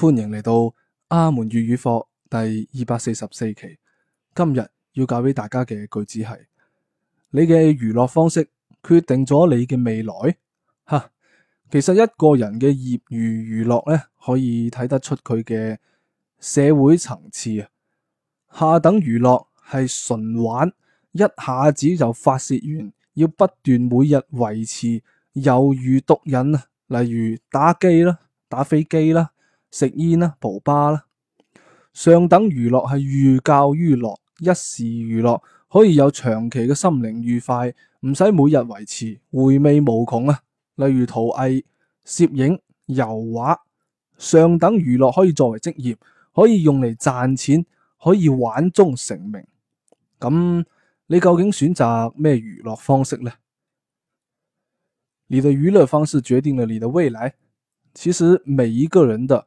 歡迎嚟到阿門粵語課第二百四十四期。今日要教俾大家嘅句子係：你嘅娛樂方式決定咗你嘅未來。吓，其實一個人嘅業餘娛樂咧，可以睇得出佢嘅社會層次。下等娛樂係純玩，一下子就發洩完，要不斷每日維持，猶如毒癮啊，例如打機啦、打飛機啦。食煙啦、啊，蒲吧啦，上等娛樂係寓教於樂，一時娛樂可以有長期嘅心靈愉快，唔使每日維持，回味無窮啊。例如陶藝、攝影、油畫，上等娛樂可以作為職業，可以用嚟賺錢，可以玩中成名。咁、嗯、你究竟選擇咩娛樂方式呢？你的娛樂方式決定了你的未來。其實每一個人的。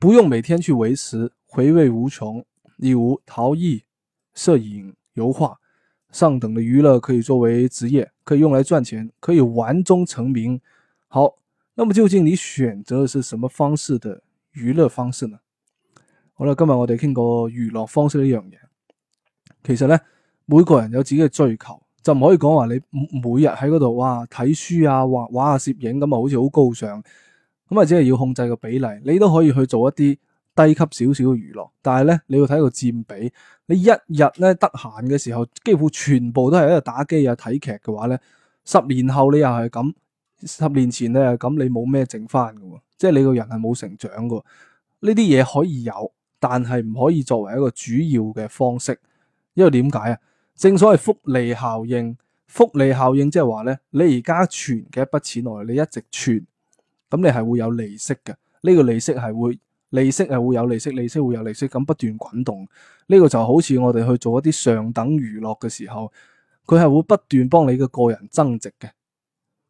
不用每天去維持，回味無窮。例如陶藝、攝影、油畫，上等嘅娛樂可以作為職業，可以用來賺錢，可以玩中成名。好，那麼究竟你選擇嘅是什麼方式的娛樂方式呢？好啦，今日我哋傾過娛樂方式呢樣嘢，其實咧每個人有自己嘅追求，就唔可以講話你每日喺嗰度哇睇書啊、畫畫啊、攝影咁啊，好似好高尚。咁啊，只係要控制個比例，你都可以去做一啲低級少少嘅娛樂，但係咧你要睇個佔比。你一日咧得閒嘅時候，幾乎全部都係喺度打機啊、睇劇嘅話咧，十年後你又係咁，十年前你又係咁，你冇咩剩翻嘅喎，即係你個人係冇成長嘅喎。呢啲嘢可以有，但係唔可以作為一個主要嘅方式，因為點解啊？正所謂複利效應，複利效應即係話咧，你而家存嘅一筆錢內，你一直存。咁你係會有利息嘅，呢個利息係會利息係會有利息，利息會有利息，咁不斷滾動。呢個就好似我哋去做一啲上等娛樂嘅時候，佢係會不斷幫你嘅個人增值嘅。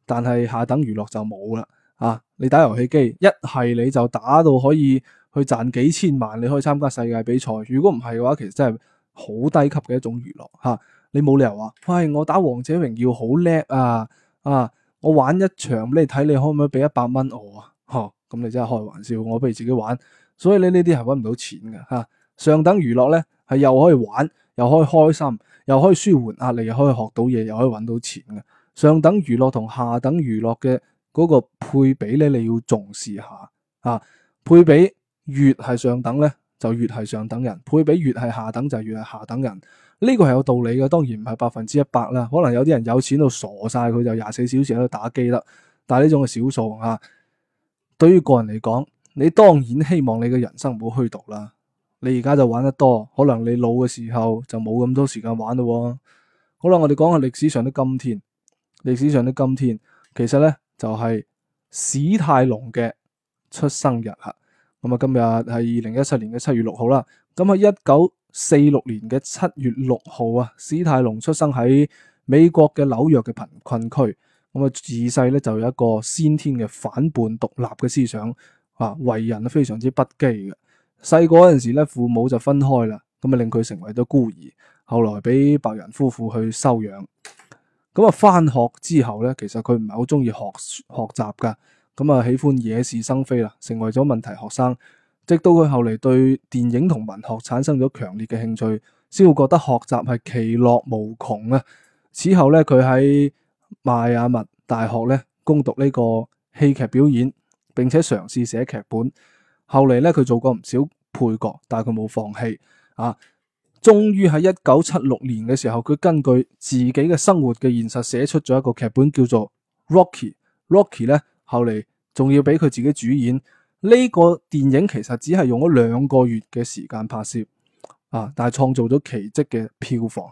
但係下等娛樂就冇啦，啊！你打遊戲機，一係你就打到可以去賺幾千萬，你可以參加世界比賽。如果唔係嘅話，其實真係好低級嘅一種娛樂嚇。你冇理由話，喂，我打王者榮耀好叻啊，啊！我玩一場，你睇你可唔可以俾一百蚊我啊？嗬，咁你真係開玩笑，我不如自己玩。所以咧，呢啲係搵唔到錢嘅吓，啊。上等娛樂咧，係又可以玩，又可以開心，又可以舒緩壓力，又可以學到嘢，又可以搵到錢嘅。上等娛樂同下等娛樂嘅嗰個配比咧，你要重視下啊。配比越係上等咧，就越係上等人；配比越係下等，就越係下等人。呢個係有道理嘅，當然唔係百分之一百啦。可能有啲人有錢到傻晒，佢就廿四小時喺度打機啦。但係呢種係少數吓、啊。對於個人嚟講，你當然希望你嘅人生唔好虛度啦。你而家就玩得多，可能你老嘅時候就冇咁多時間玩咯、哦。好啦，我哋講下歷史上的今天。歷史上的今天，其實咧就係、是、史泰龍嘅出生日啦、啊。咁啊，今日係二零一七年嘅七月六號啦。咁喺一九四六年嘅七月六號啊，史泰龍出生喺美國嘅紐約嘅貧困區。咁啊，自細咧就有一個先天嘅反叛獨立嘅思想啊，為人非常之不羈嘅。細個嗰陣時咧，父母就分開啦，咁啊令佢成為咗孤兒。後來俾白人夫婦去收養。咁啊，翻學之後咧，其實佢唔係好中意學學習噶。咁啊，喜歡惹是生非啦，成為咗問題學生，直到佢後嚟對電影同文學產生咗強烈嘅興趣，先會覺得學習係其樂無窮啊！此後咧，佢喺邁阿密大學咧攻讀呢個戲劇表演，並且嘗試寫劇本。後嚟咧，佢做過唔少配角，但係佢冇放棄啊！終於喺一九七六年嘅時候，佢根據自己嘅生活嘅現實寫出咗一個劇本，叫做《Rocky》。Rocky 咧，後嚟仲要俾佢自己主演呢個電影，其實只係用咗兩個月嘅時間拍攝啊！但係創造咗奇蹟嘅票房。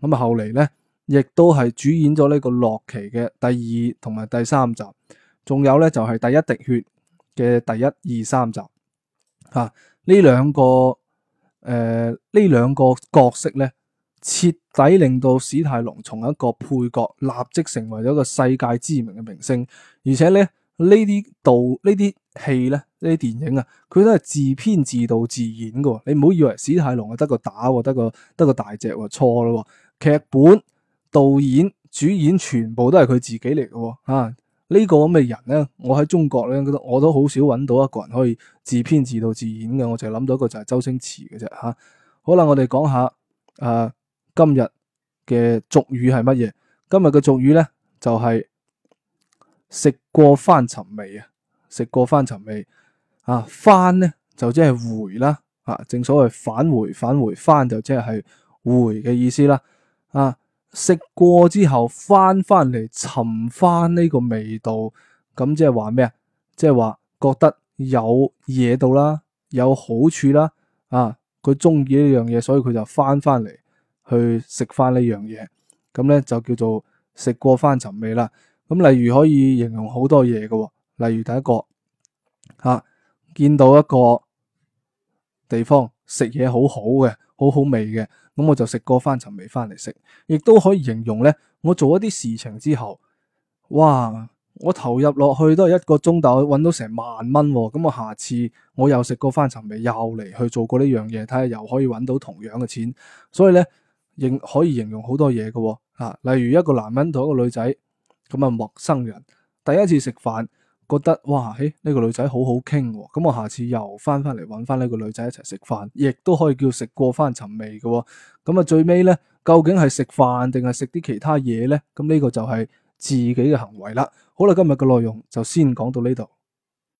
咁啊，後嚟咧，亦都係主演咗呢個洛奇嘅第二同埋第三集，仲有咧就係第一滴血嘅第一二三集啊！呢兩個誒，呢兩個角色咧，徹底令到史泰龍從一個配角立即成為咗一個世界知名嘅明星，而且咧。呢啲導呢啲戲咧，呢啲電影啊，佢都係自編自導自演嘅、喎。你唔好以為史泰龍係得個打、喎，得個得個大隻、喎，錯啦、喎。劇本、導演、主演全部都係佢自己嚟嘅、喎。啊，呢個、呢個咁嘅人咧，我喺中國咧，我都好少揾到一個人可以自編自導自演嘅。我就諗到一個就係周星馳嘅啫。吓、啊，好啦，我哋講下啊今日嘅俗語係乜嘢？今日嘅俗語咧就係、係。食過翻尋味啊！食過翻尋味啊！翻呢就即係回啦啊！正所謂返回返回翻就即係回嘅意思啦啊！食過之後翻翻嚟尋翻呢個味道，咁即係話咩啊？即係話覺得有嘢到啦，有好處啦啊！佢中意呢樣嘢，所以佢就翻翻嚟去食翻呢樣嘢，咁、嗯、呢就叫做食過翻尋味啦。咁例如可以形容好多嘢嘅、喎，例如第一個，吓、啊、見到一個地方食嘢好好嘅，好好味嘅，咁我就食過翻尋味翻嚟食，亦都可以形容咧，我做一啲事情之後，哇！我投入落去都係一個鐘頭，搵到成萬蚊、喎，咁我下次我又食過翻尋味，又嚟去做過呢樣嘢，睇下又可以搵到同樣嘅錢，所以咧，形可以形容好多嘢嘅、喎，啊，例如一個男人同一個女仔。咁啊，陌生人第一次食飯，覺得哇，嘿、欸、呢、這個女仔好好傾喎，咁、哦嗯、我下次又翻翻嚟揾翻呢個女仔一齊食飯，亦都可以叫食過翻尋味嘅、哦。咁、嗯、啊，最尾咧，究竟係食飯定係食啲其他嘢咧？咁、嗯、呢、這個就係自己嘅行為啦。好啦，今日嘅內容就先講到呢度。